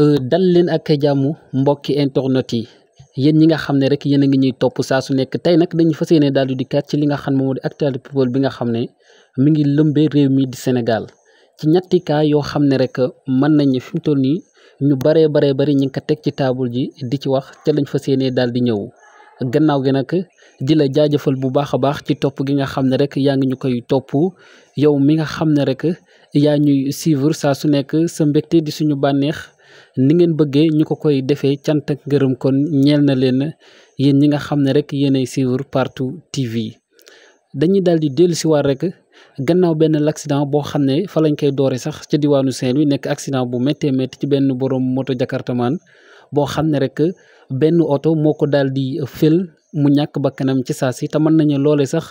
Euh, dal leen ak jàmm mbokki internet yi yéen ñi nga xam ne rek yéen a ngi ñuy topp saa su nekk tey nag dañu fa yéene daal di dikkaat ci li nga xam ne moo di ne mi ngi lëmbee réew mi di Sénégal ci ñetti yoo xam ne rek mën nañu fi mu toll nii ñu baree baree bari ñu ngi ko teg ci taabul ji di ci wax ca lañ fa yéene daal di ñëw gannaaw gi nag di la jaajëfal bu baax a baax ci topp gi nga xam ne rek yaa ngi ñu koy topp yow mi nga xam ne rek yaa ñuy suivre saa su nekk sa mbégte di suñu bànneex. ni ngeen bëggee ñu ko koy defee cant ak ngërëm kon ñeel na leen yéen ñi nga xam ne rek yéenay suivre partout TV dañuy daal di dellu si rek gannaaw benn l' boo xam ne fa lañ koy doore sax ca diwaanu Saint-Louis nekk accident bu méttee métti ci benn borom moto jakartamaan boo xam ne rek benn oto moo ko daal di fël mu ñàkk bakkanam ci saa si te mën nañu loole sax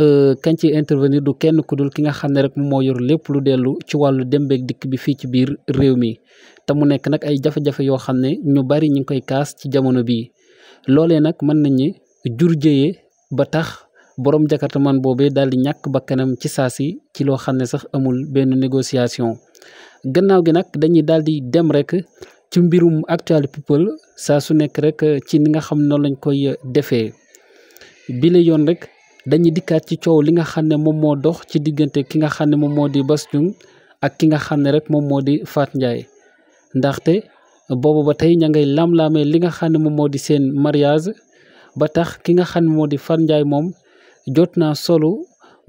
euh, kañ ci intervenir du kenn ku dul ki nga xam ne rek moom moo yor lépp lu dellu ci wàllu dem beeg dikk bi fii ci biir réew mi te mu nekk nag ay jafe-jafe yoo xam ne ñu bari ñu ngi koy kaas ci jamono bii loolee nag mën nañu jur jëye ba tax borom jakartaman boobee daal di ñàkk bakkanam ci saa si ci loo xam ne sax amul benn négociation gannaaw gi nag dañuy daal dem rek ci mbirum actual people saa su nekk rek eh, ci ni nga xam noonu lañ koy eh, defee bi yoon rek dañuy dikkaat ci coow li nga xam ne moom moo dox ci diggante ki nga xam ne moom moo di Bass ak ki nga xam ne rek moom moo di Fatou Ndiaye ndaxte boobu ba tey ña ngay lam-laamee li nga xam ne moom moo di seen mariage ba tax ki nga xam ne moo di Fatou Ndiaye moom jot naa solo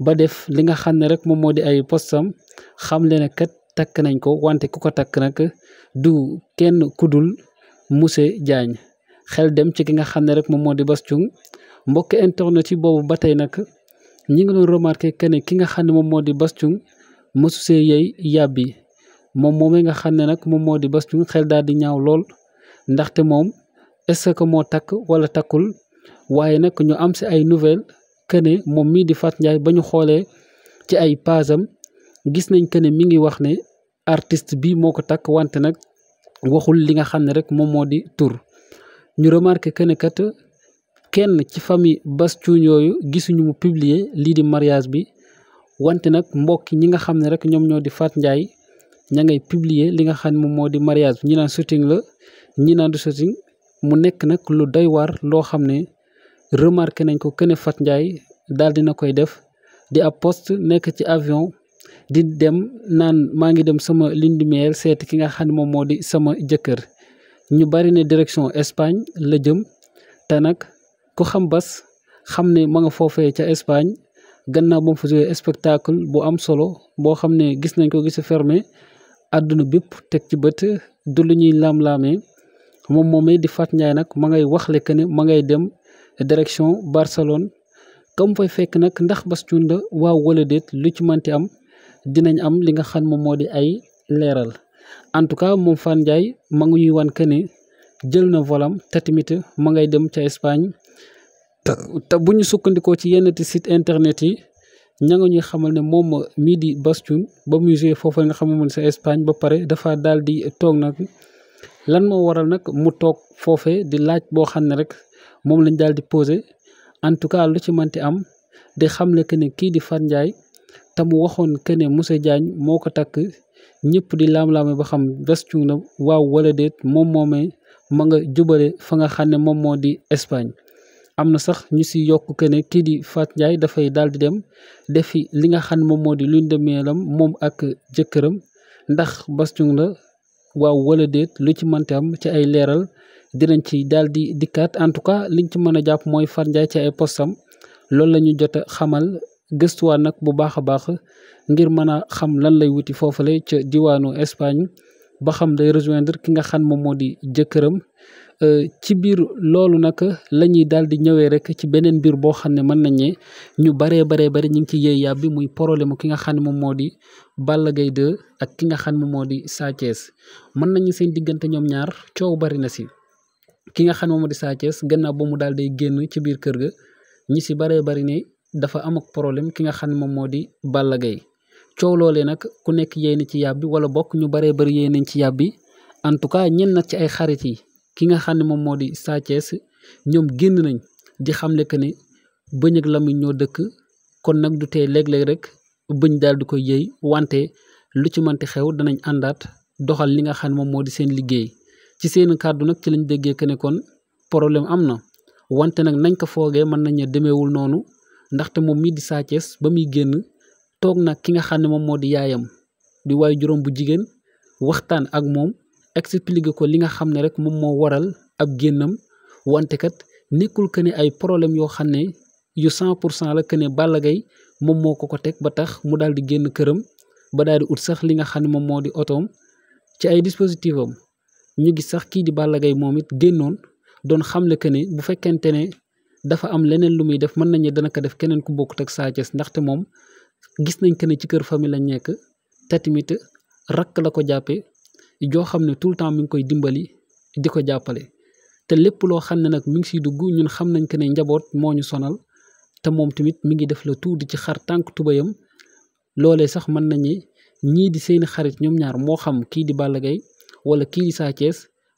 ba def li nga xam ne rek moom moo di ay postam xam leen kat takk nañ ko wante ku ko takk nag du kenn kudul Moussé Diagne xel dem ci ki nga xam ne rek moom moo di Bass Thioung mbokk internet yi boobu ba tey nag ñi ngi doon remarqué que ki nga xam ne moom moo di Bass Thioung mësu see yey yàbbi moom moom nga xam ne nag moom moo di Bass Thioung xel daal di ñaaw lool ndaxte moom est ko moo takk walla takkul waaye nag ñu am si ay nouvelle que moom mii di Fatou Ndiaye ba ñu xoolee ci ay pasam gis nañ que ne mi ngi wax ne artiste bi moo ko takk wante nag waxul li nga xam ne rek moom moo di tur ñu remarqué que kat kenn ci famille Bass yooyu gisuñu mu publier lii di mariage bi wante nag mbokki ñi nga xam ne rek ñoom ñoo di Fatou Ndiaye ña ngay publier li nga xam ne moom moo di mariage bi ñi naan shooting la ñi naan di shooting mu nekk nag lu doy war loo xam ne remarqué nañ ko que ne Fatou Ndiaye daal dina koy def di ab poste nekk ci avion di dem naan maa ngi dem sama Linguère seeti ki nga xam ne moom moo di sama jëkkër ñu bari ne direction Espagne la jëm te nag ku xam bas xam ne ma nga foofee ca Espagne gannaaw ba mu fa joué spectacle bu am solo boo xam ne gis nañ ko gis fermé àdduna bépp teg ci bët du lu ñuy laam-laamee moom moomee di Fatou Ndiaye nag ma ngay wax lekk ne ma ngay dem direction Barcelone. comme fay fekk nag ndax Bass Thioung la waaw wala déet lu ci manti am dinañ am li nga xam moom moo di ay leeral en tout cas moom Fane Ndiaye ma ñuy wan que ne jël na volam te tamit ngay dem ca Espagne te bu ñu sukkandikoo ci yenn ti site internet yi ña ñuy xamal ne moom mii di Bass ba muy joué foofu nga xam ne sa Espagne ba pare dafa daal di toog nag lan moo waral nag mu toog foofe di laaj boo xam ne rek moom lañ daal di posé en tout cas lu ci manti am di xamle que ne kii di Fane Ndiaye te mu waxoon que ne Moussa Diagne moo ko takk ñëpp di laam-laame ba xam Bas na waaw wala déet moom moomee ma nga jubale fa nga xam ne moom moo di Espagne. am na sax ñu si yokk que ne kii di Fat Ndiaye dafay daal di dem defi li nga xam moom moo di lu de mielam moom ak jëkkëram ndax Bas na waaw wala déet lu ci mënti am ci ay leeral dinañ ci daal di dikkaat en tout cas liñ ci mën a jàpp mooy Fat Ndiaye ci ay postam loolu la ñu xamal. gëstuwaat nag bu baax a baax ngir mën a xam lan lay wuti foofale ca diwaanu Espagne ba xam day rejoindre ki nga xam moom moo di jëkkëram euh, ci biir loolu nag la ñuy daal di ñëwee rek ci beneen mbir boo xam ne mën nañ ne ñu baree baree bari ñu ngi ci yéey yàbbi muy problème ki nga xam ne moom moo di Balla Gaye ak ki nga xam ne moo di Sa mën nañu seen diggante ñoom ñaar coow bari na si ki nga xam ne moom di Sa Thiès gannaaw ba mu daal day génn ci biir kër ga ñi si baree bari dafa am ak problème ki nga xam ne moom moo di Balla Gaye coow loolee nag ku nekk yéen ci yàbbi wala bokk ñu baree bëri yéen ci yàbbi en tout cas ñenn nag ci ay xarit yi ki nga xam ne moom moo di Sa ñoom génn nañ di xam ne que ne bëñ ak lamiñ ñoo dëkk kon nag du tee léeg-léeg rek bëñ daal di koy yëy wante lu ci mënti xew danañ àndaat doxal li nga xam ne moom moo di seen liggéey ci seeni kàddu nag ci lañ déggee que ne kon problème am na wante nag nañ ko foogee mën nañ demewul noonu. ndaxte moom mii di Sa ba muy génn toog nag ki nga xam ne moom moo di yaayam di waaye juróom bu jigéen waxtaan ak moom expliqué ko li nga xam ne rek moom moo waral ab génnam wante kat nekkul que ne ay problème yoo xam ne yu 100 pour cent la que ne moom moo ko ko teg ba tax mu daal di génn këram ba daal di ut sax li nga xam ne moom moo di otoom ci ay dispositif am ñu gis sax kii di Balla moom it génnoon doon xamle que ne bu fekkente ne dafa am leneen lu muy def mën nañu dana ko def keneen ku bokkut ak Sa Thiès ndaxte moom gis nañ que ne ci kër famille lañ nekk te tamit rakk la ko jàppe joo xam ne tout le temps mi ngi koy dimbali di ko jàppale. te lépp loo xam ne nag mu ngi siy dugg ñun xam nañ que ne njaboot moo ñu sonal te moom tamit mi ngi def la tout di ci xar tànk tubayam loolee sax mën nañu ñii di seeni xarit ñoom ñaar moo xam kii di Balla Gaye wala kii di Sa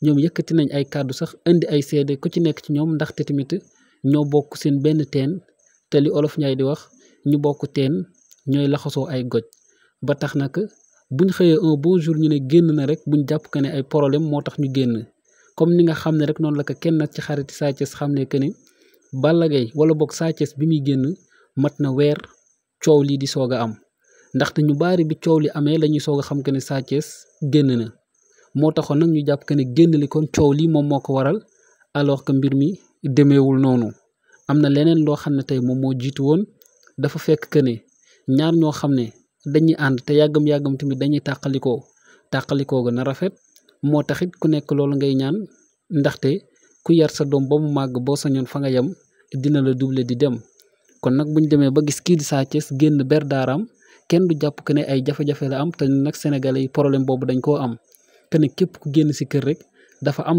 ñoom yëkkati nañ ay kàddu sax indi ay seede ku ci nekk ci ñoom ndaxte tamit. ñoo bokk seen benn teen te li olof Njaay di wax ñu bokk teen ñooy laxasoo ay goj ba tax nag buñ xëyee un bon jour ñu ne génn na rek buñ jàpp que ne ay problème moo tax ñu génn comme ni nga xam ne rek noonu la ko kenn nag ci xariti Sa Thiès xam ne que ni Balla wala boog Sa bi muy génn mat na weer coow lii di soog a am ndaxte ñu baari bi coow li amee lañuy ñuy soog a xam que ne Sa génn na moo tax taxoon nag ñu jàpp que ne génn li kon coow lii moom moo ko waral alors que mbir mi demeewul noonu am na leneen loo xam ne tey moom moo jiitu woon dafa fekk que ne ñaar ñoo xam ne dañuy ànd te yàggam yàggam tamit dañuy tàqalikoo tàqalikoo ga na rafet moo taxit ku nekk loolu ngay ñaan ndaxte ku yar sa doom ba mu màgg boo sañoon fa nga yem dina la double di dem kon nag bu ñu demee ba gis kii di Sa Thiès génn ber daaraam kenn du jàpp que ne ay jafe-jafe la am te nag sénégalais yi problème boobu dañ koo am que ne képp ku génn si kër rek dafa am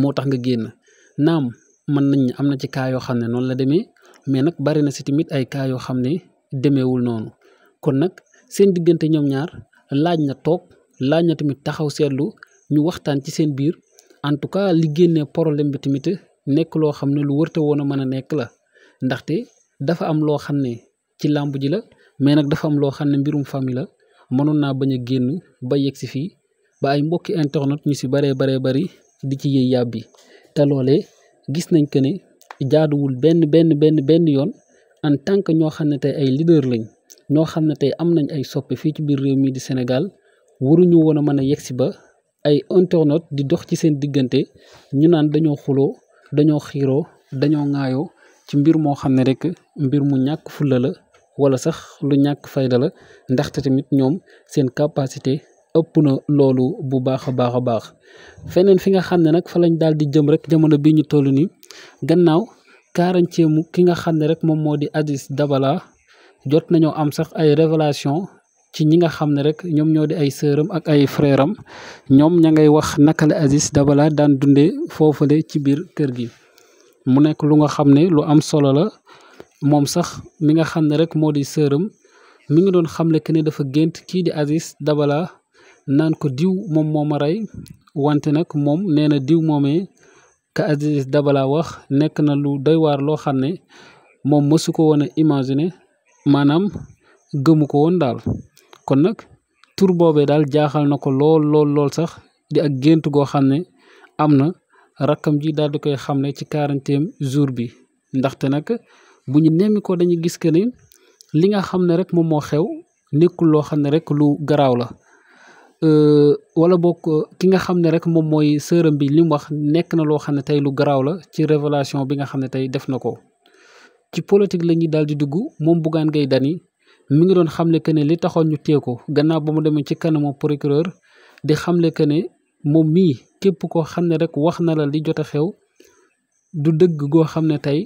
moo tax nga génn naam man nañ am na ci cas yoo xam ne noonu la demee mais nag bari na si tamit ay cas yoo xam ne demeewul noonu kon nag seen diggante ñoom ñaar laaj na toog laaj na tamit taxaw seetlu ñu waxtaan ci seen biir en tout cas li génne problème bi tamit nekk loo xam ne lu wërte woon a mën a nekk la ndaxte dafa am loo xam ne ci làmb ji la mais nag dafa am loo xam ne mbirum famille la mënoon naa bañ a génn ba yegg si fii ba ay mbokki internet ñu si di ci yëy yàbbi te loolee gis nañ que ne jaaduwul benn benn benn benn yoon en tant que ñoo xam ne tey ay leader lañ ñoo xam ne tey am nañ ay soppe fii ci biir réew mi di senegal waruñu woon a mën a yegsi ba ay internautes di dox ci seen diggante ñu naan dañoo xuloo dañoo xiiroo dañoo ŋaayoo ci mbir moo xam ne rek mbir mu ñàkk fulla la wala sax lu ñàkk fayda la ndaxte tamit ñoom seen capacité ëpp na loolu bu baax a baax a baax feneen fi nga xam ne nag fa lañ daal di jëm rek jamono bi ñu toll nii gannaaw quarantième ki nga xam ne rek moom moo di Aziz Dabala jot nañoo am sax ay révélation ci ñi nga xam ne rek ñoom ñoo di ay sëram ak ay frère ñoom ña ngay wax naka la dabalaa Dabala daan dundee foofale ci biir kër gi mu nekk lu nga xam ne lu am solo la moom sax mi nga xam ne rek moo di sëram mu ngi doon xamle que ne dafa gént kii di Aziz dabalaa naan ko diw moom moo ma rey wante nag moom nee na diw moomee ka daba la wax nekk na lu doy loo xam ne moom mësu ko woon a imaginer maanaam gëmu ko woon daal kon nag tur boobee daal jaaxal na ko lool lool sax di ak gént goo xam ne am na rakkam ji daal di koy ne ci quarantième jour bi ndaxte nag bu ñu nemmi ko dañu gis que ni li nga xam ne rek moom moo xew nekkul loo xam ne rek lu garaaw la Euh, wala bokk ki nga xam ne rek moom mooy sëram bi li mu wax nekk na loo xam ne tey lu garaaw la ci révélation bi nga xam ne tey def na ko ci politique la ñuy daal di dugg moom Bougane Gueye Dany mu ngi doon xamle que ne li taxoon ñu téye ko gannaaw mu demee ci kanamu procureur di xamle que ne moom mii képp koo xam ne rek wax na la li jot a xew du dëgg goo xam ne tey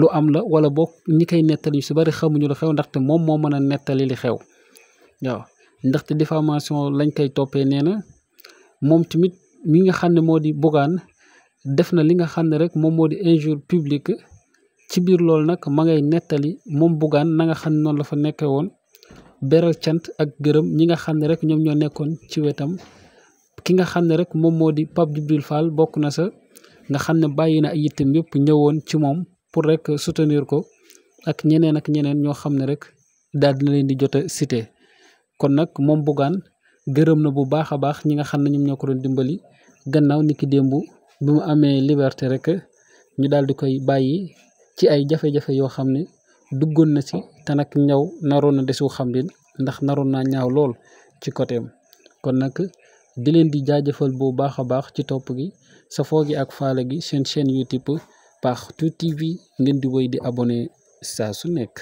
lu am la wala bokk ñi koy nettali ñu si bari xamuñu lu xew ndaxte moom moo mën a nettali li xew waaw. ndaxte diffamation lañ koy toppee nee na moom tamit mi nga xam ne moo di Bougane def na li nga xam ne rek moom moo di injure publique ci biir loolu nag ma ngay nettali moom Bougane na nga xam ne noonu la fa nekkee woon beral cant ak gërëm ñi nga xam ne rek ñoom ñoo nekkoon ci wetam ki nga xam ne rek moom moo di Pape Djibril Fall bokk na sa nga xam ne bàyyi na ay itam yëpp ñëwoon ci moom pour rek soutenir ko ak ñeneen ak ñeneen ñoo xam ne rek daal dina leen di jot a kon nag moom Bougane gërëm na bu baax a baax ñi nga xam ne ñoom ñoo ko doon dimbali gannaaw ni ki démb bi mu amee liberté rek ñu daal di koy bàyyi ci ay jafe-jafe yoo xam ne duggoon na si te nag ñaw naroon na desu xam leen ndax naroon naa ñaaw lool ci côté kon nag di leen di jaajëfal bu baax a baax ci topp gi safoo gi ak faale gi seen chaîne pax Partout TV ngeen di woy di abonné saa su nekk